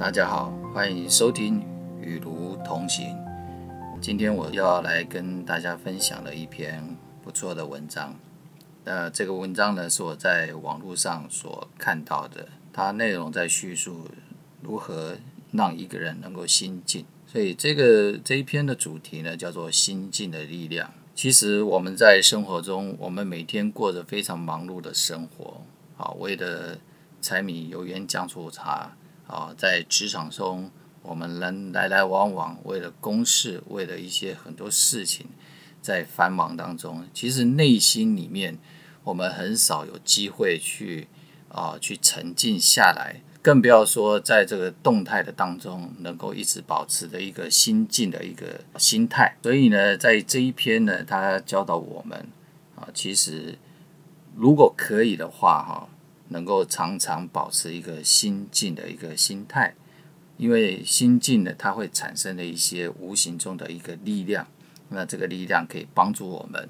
大家好，歡迎收聽《與儒同行》。今天我要來跟大家分享的一篇不錯的文章。呃，這個文章呢是我在網絡上所看到的，它內容在敘述如何讓一個人能夠心靜。所以這個這一篇的主題呢叫做“心靜的力量”。其實我們在生活中，我們每天過着非常忙碌的生活，好，為了柴米油鹽醬醋茶。啊，在職場中，我們人來來往往，為了公事，為了一些很多事情，在繁忙當中，其實內心裡面，我們很少有機會去啊，去沉靜下來，更不要說在這個動態的當中，能夠一直保持的一個心境的一個心態。所以呢，在這一篇呢，他教導我們啊，其實如果可以的話，哈。能夠常常保持一個心靜的一個心態，因為心靜呢，它會產生的一些無形中的一個力量。那這個力量可以幫助我們，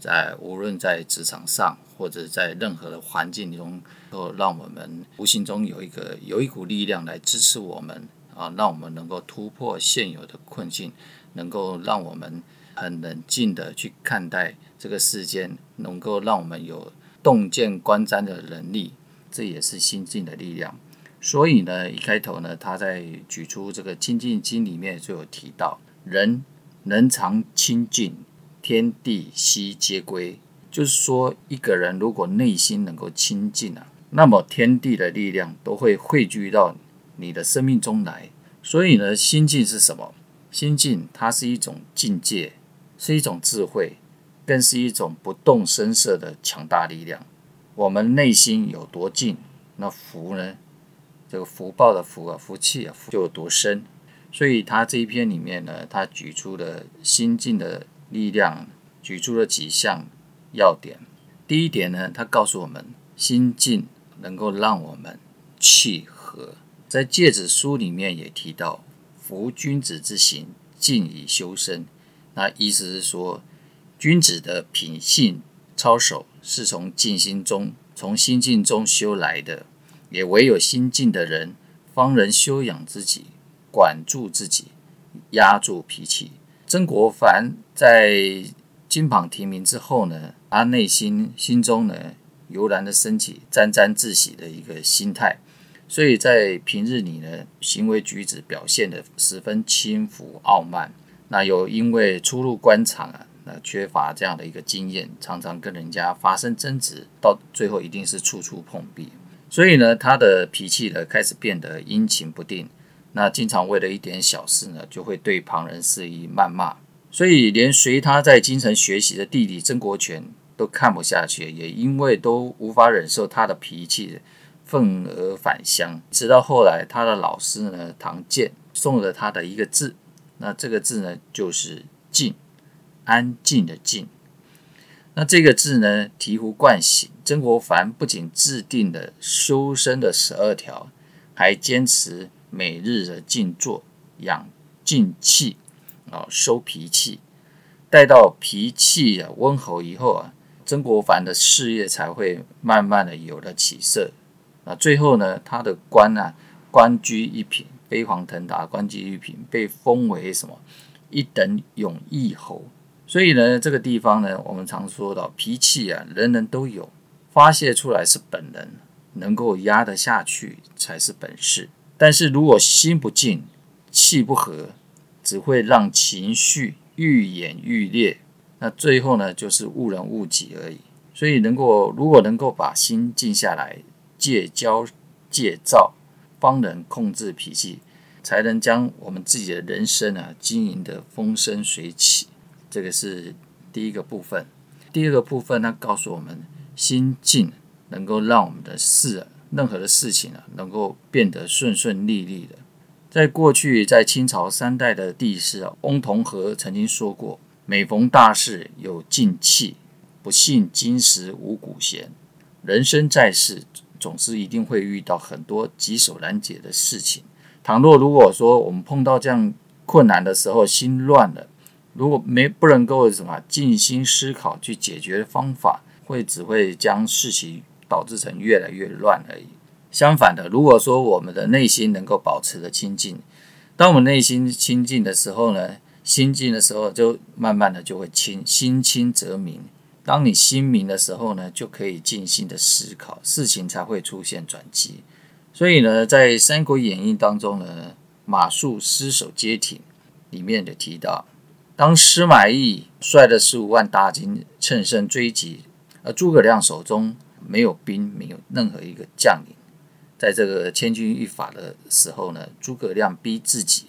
在無論在職場上或者在任何的環境中，都讓我們無形中有一個有一股力量來支持我們啊，讓我們能夠突破現有的困境，能夠讓我們很冷靜的去看待這個世間，能夠讓我們有洞見觀瞻的能力。這也是心靜的力量，所以呢，一開頭呢，他在舉出這個《清靜經》裡面就有提到，人能常清靜，天地悉皆歸。就是說，一個人如果內心能夠清靜啊，那麼天地的力量都會匯聚到你的生命中來。所以呢，心靜是什麼？心靜它是一種境界，是一種智慧，更是一種不動聲色的強大力量。我們內心有多靜，那福呢？這個福報的福啊，福氣啊，福就有多深。所以他這一篇裡面呢，他舉出了心靜的力量，舉出了幾項要點。第一點呢，他告訴我們，心靜能夠讓我們氣和。在《誡子書》裡面也提到：“夫君子之行，靜以修身。”那意思是說，君子的品性。操守是從靜心中，從心境中修來的，也唯有心靜的人，方能修養自己、管住自己、壓住脾氣。曾國藩在金榜題名之後呢，他內心、心中呢，油然的升起沾沾自喜的一個心態，所以在平日裡呢，行為舉止表現得十分輕浮、傲慢。那又因為初入官場啊。那缺乏這樣的一個經驗，常常跟人家發生爭執，到最後一定是處處碰壁。所以呢，他的脾氣呢開始變得陰晴不定。那經常為了一點小事呢，就會對旁人肆意謾罵。所以連隨他在京城學習的弟弟曾國荃都看不下去，也因為都無法忍受他的脾氣，憤而返鄉。直到後來，他的老師呢唐鑑送了他的一個字，那這個字呢就是“靜”。安靜的靜，那這個字呢，醍醐灌頂。曾國藩不僅制定了修身的十二條，還堅持每日的靜坐，養靜氣，啊，收脾氣。待到脾氣啊溫和以後啊，曾國藩的事業才會慢慢的有了起色。那最後呢，他的官啊，官居一品，飛黃騰達，官居一品，被封為什麼一等勇毅侯。所以呢，這個地方呢，我們常說到脾氣啊，人人都有，發洩出來是本能，能夠壓得下去才是本事。但是如果心不靜，氣不和，只會讓情緒愈演愈烈，那最後呢，就是誤人誤己而已。所以，能夠如果能夠把心靜下來，戒驕戒躁，方能控制脾氣，才能將我們自己的人生啊經營得風生水起。這個是第一個部分，第二個部分，呢，告訴我們心靜能夠讓我們的事任何的事情啊，能夠變得順順利利的。在過去，在清朝三代的帝師啊，翁同龢曾經說過：“每逢大事有靜氣，不信今時無古賢。”人生在世，總是一定會遇到很多棘手難解的事情。倘若如果說我們碰到這樣困難的時候，心亂了。如果沒不能夠什麼靜心思考去解決的方法，會只會將事情導致成越來越亂而已。相反的，如果說我們的內心能夠保持着清淨，當我們內心清淨的時候呢，心靜的時候就慢慢的就會清，心清則明。當你心明的時候呢，就可以靜心的思考，事情才會出現轉機。所以呢，在《三國演義》當中呢，《馬謖失守街亭》裡面就提到。當司馬懿率了十五萬大軍乘勝追擊，而諸葛亮手中沒有兵，沒有任何一個將領，在這個千鈞一髮的時候呢，諸葛亮逼自己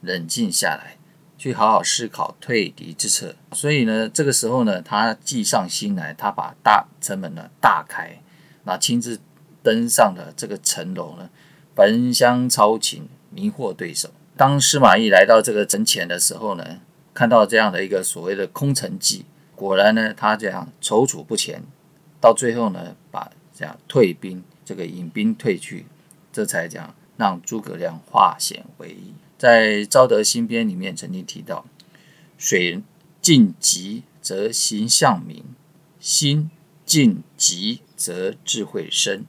冷靜下來，去好好思考退敵之策。所以呢，這個時候呢，他計上心來，他把大城門呢大開，那親自登上了這個城樓呢，焚香操琴，迷惑對手。當司馬懿來到這個城前的時候呢，看到這樣的一個所謂的空城計，果然呢，他這樣躊躇不前，到最後呢，把這樣退兵，這個引兵退去，這才講讓諸葛亮化險為夷。在《昭德新編》裡面曾經提到：水靜極則形象明，心靜極則智慧深。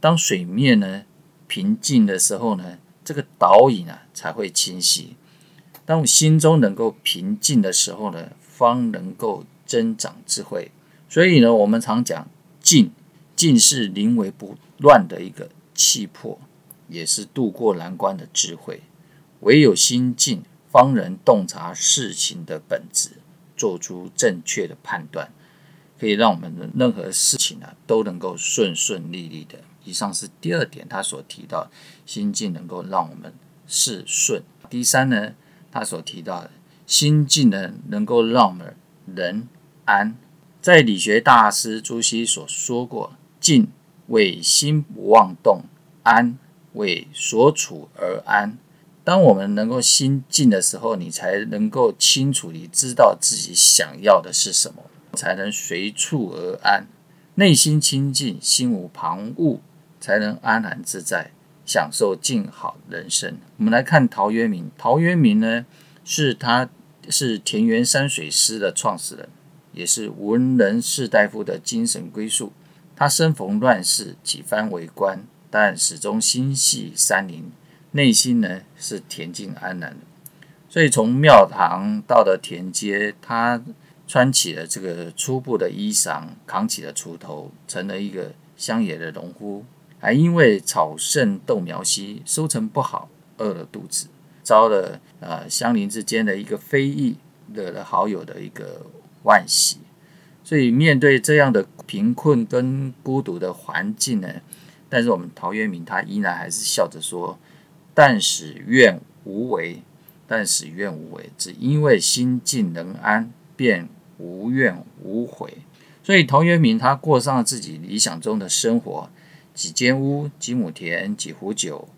當水面呢平靜的時候呢，這個倒影啊才會清晰。當我心中能夠平靜的時候呢，方能夠增長智慧。所以呢，我們常講靜，靜是臨危不亂的一個氣魄，也是渡過難關的智慧。唯有心靜，方能洞察事情的本質，做出正確的判斷，可以讓我們的任何事情呢、啊、都能夠順順利利的。以上是第二點，他所提到心靜能夠讓我們事順。第三呢？他所提到的心靜的能夠讓我們能安，在理學大師朱熹所說過，靜為心不妄動，安為所處而安。當我們能夠心靜的時候，你才能夠清楚地知道自己想要的是什麼，才能隨處而安，內心清靜，心無旁騖，才能安然自在。享受靜好人生。我們來看陶淵明。陶淵明呢，是他是田園山水詩的創始人，也是文人士大夫的精神歸宿。他身逢亂世，幾番為官，但始終心繫山林，內心呢是恬靜安然的。所以從廟堂到了田間，他穿起了這個粗布的衣裳，扛起了鋤頭，成了一個鄉野的農夫。還因為草盛豆苗稀，收成不好，餓了肚子，遭了呃，鄉鄰之間的一個非議，惹了好友的一個惋惜。所以面對這樣的貧困跟孤獨的環境呢，但是我們陶淵明他依然還是笑着說：“但使願無違，但使願無違，只因為心靜能安，便無怨無悔。”所以陶淵明他過上了自己理想中的生活。幾間屋，幾畝田，幾壺酒，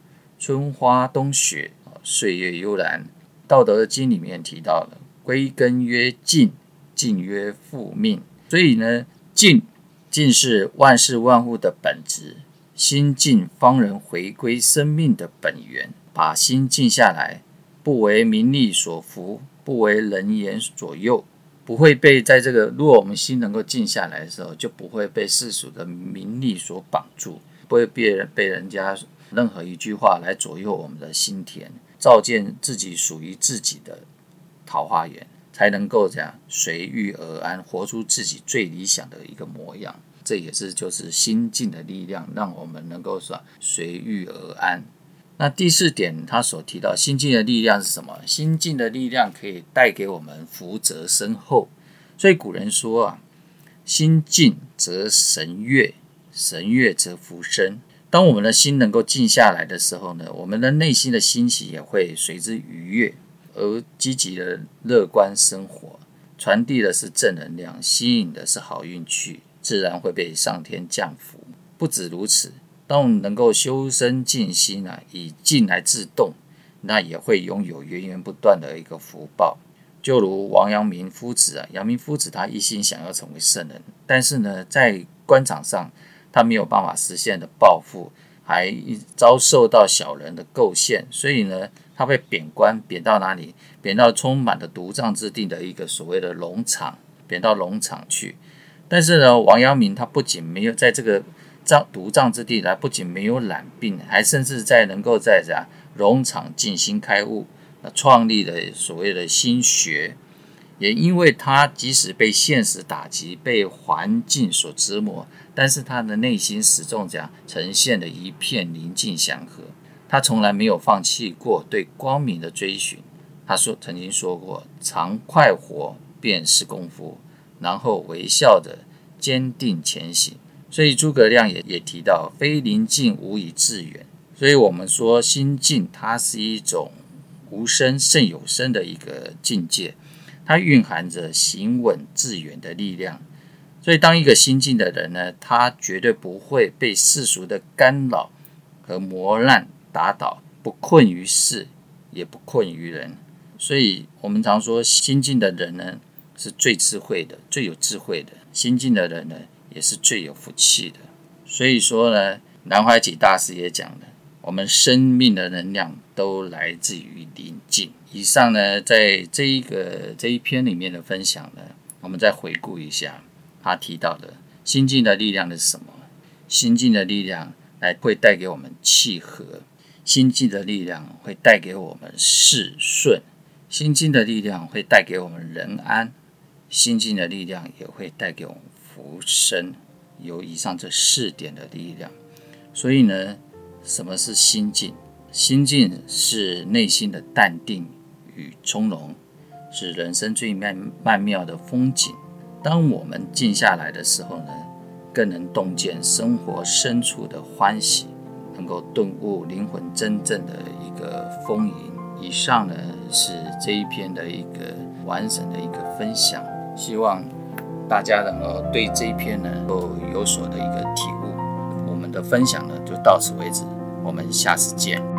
春花冬雪，歲月悠然。《道德經》裡面提到了“歸根曰靜，靜曰復命”，所以呢，靜靜是萬事萬物的本質。心靜方能回歸生命的本源，把心靜下來，不為名利所縛，不為人言左右。不會被在這個，如果我們心能夠靜下來的時候，就不會被世俗的名利所綁住，不會被人被人家任何一句話來左右我們的心田，照見自己屬於自己的桃花源，才能夠這樣隨遇而安，活出自己最理想的一個模樣。這也是就是心靜的力量，讓我們能夠說隨遇而安。那第四點，他所提到心靜的力量是什麼？心靜的力量可以帶給我們福澤深厚。所以古人說啊，心靜則神悅，神悅則福生。當我們的心能夠靜下來的時候呢，我們的內心的欣喜也會隨之愉悅，而積極的樂觀生活，傳遞的是正能量，吸引的是好運氣，自然會被上天降福。不止如此。當我們能夠修身靜心、啊、以靜來制動，那也會擁有源源不斷的一個福報。就如王陽明夫子啊，陽明夫子他一心想要成為聖人，但是呢，在官場上他沒有辦法實現的抱負，還遭受到小人的構陷，所以呢，他被貶官，貶到哪裡？貶到充滿了毒瘴之地的一個所謂的龍場，貶到龍場去。但是呢，王陽明他不僅沒有在這個。藏獨藏之地，他不僅沒有染病，還甚至在能夠在這龍場靜心開悟，創立了所謂的心學。也因為他即使被現實打擊，被環境所折磨，但是他的內心始終這樣呈現了一片寧靜祥和。他從來沒有放棄過對光明的追尋。他說曾經說過：“常快活便是功夫。”然後微笑著堅定前行。所以諸葛亮也也提到，非寧靜無以致遠。所以我們說，心靜它是一種無聲勝有聲的一個境界，它蘊含着行穩致遠的力量。所以，當一個心靜的人呢，他絕對不會被世俗的干擾和磨難打倒，不困於事，也不困於人。所以我們常說，心靜的人呢，是最智慧的，最有智慧的心靜的人呢。也是最有福氣的，所以說呢，南懷瑾大師也講了，我們生命的能量都來自於寧靜。以上呢，在這一個這一篇裡面的分享呢，我們再回顧一下他提到的心靜的力量是什麼？心靜的力量來會帶給我們氣和，心靜的力量會帶給我們事順，心靜的力量會帶給我們人安，心靜的力量也會帶給我們。浮生。有以上這四點的力量，所以呢，什麼是心靜？心靜是內心的淡定與從容，是人生最曼曼妙的風景。當我們靜下來的時候呢，更能洞見生活深處的歡喜，能夠頓悟靈魂真正的一個豐盈。以上呢，是這一篇的一個完整的一個分享，希望。大家能夠對這一篇呢，能夠有所的一個體悟。我們的分享呢，就到此為止，我們下次見。